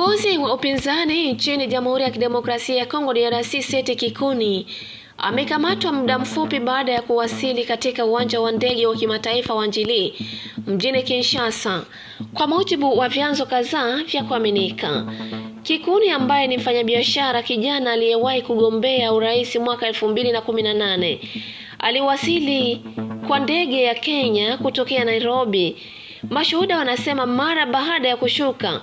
Kiongozi wa upinzani nchini Jamhuri ya Kidemokrasia ya Kongo DRC Seti Kikuni amekamatwa muda mfupi baada ya kuwasili katika uwanja wa ndege wa kimataifa wa Njili mjini Kinshasa, kwa mujibu wa vyanzo kadhaa vya kuaminika. Kikuni ambaye ni mfanyabiashara kijana aliyewahi kugombea urais mwaka 2018 aliwasili kwa ndege ya Kenya kutokea Nairobi Mashuhuda wanasema mara baada ya kushuka,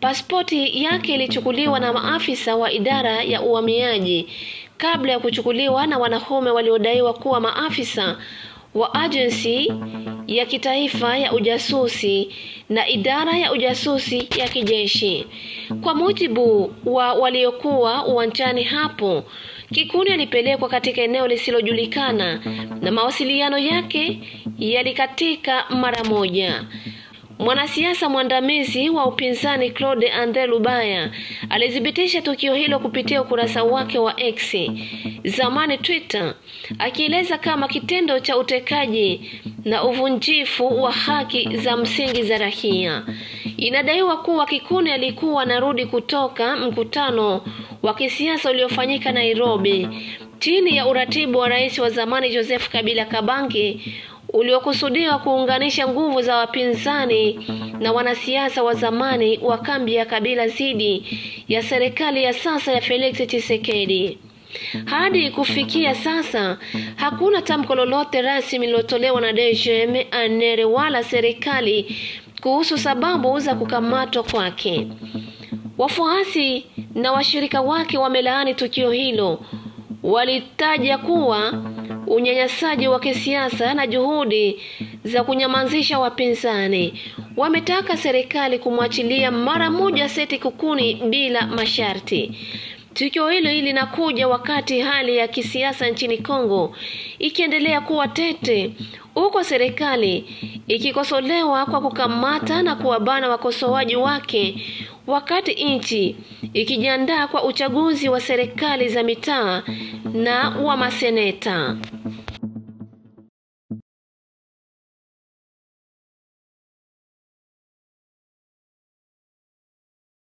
pasipoti yake ilichukuliwa na maafisa wa idara ya uhamiaji kabla ya kuchukuliwa na wanaume waliodaiwa kuwa maafisa wa Ajensi ya Kitaifa ya Ujasusi na Idara ya Ujasusi ya Kijeshi. Kwa mujibu wa waliokuwa uwanjani hapo, Kikundi alipelekwa katika eneo lisilojulikana na mawasiliano yake yalikatika mara moja. Mwanasiasa mwandamizi wa upinzani Claude Andre Lubaya alithibitisha tukio hilo kupitia ukurasa wake wa X, zamani Twitter, akieleza kama kitendo cha utekaji na uvunjifu wa haki za msingi za raia. Inadaiwa kuwa Kikuni alikuwa anarudi kutoka mkutano wa kisiasa uliofanyika Nairobi chini ya uratibu wa rais wa zamani Joseph Kabila Kabange uliokusudiwa kuunganisha nguvu za wapinzani na wanasiasa wa zamani wa kambi ya Kabila dhidi ya serikali ya sasa ya Felix Tshisekedi. Hadi kufikia sasa hakuna tamko lolote rasmi lililotolewa na DGM Anere wala serikali kuhusu sababu za kukamatwa kwake. Wafuasi na washirika wake wamelaani tukio hilo, walitaja kuwa unyanyasaji wa kisiasa na juhudi za kunyamazisha wapinzani. Wametaka serikali kumwachilia mara moja Seth Kukuni bila masharti. Tukio hilo hili linakuja wakati hali ya kisiasa nchini Kongo ikiendelea kuwa tete, huko serikali ikikosolewa kwa kukamata na kuwabana wakosoaji wake Wakati nchi ikijiandaa kwa uchaguzi wa serikali za mitaa na wa maseneta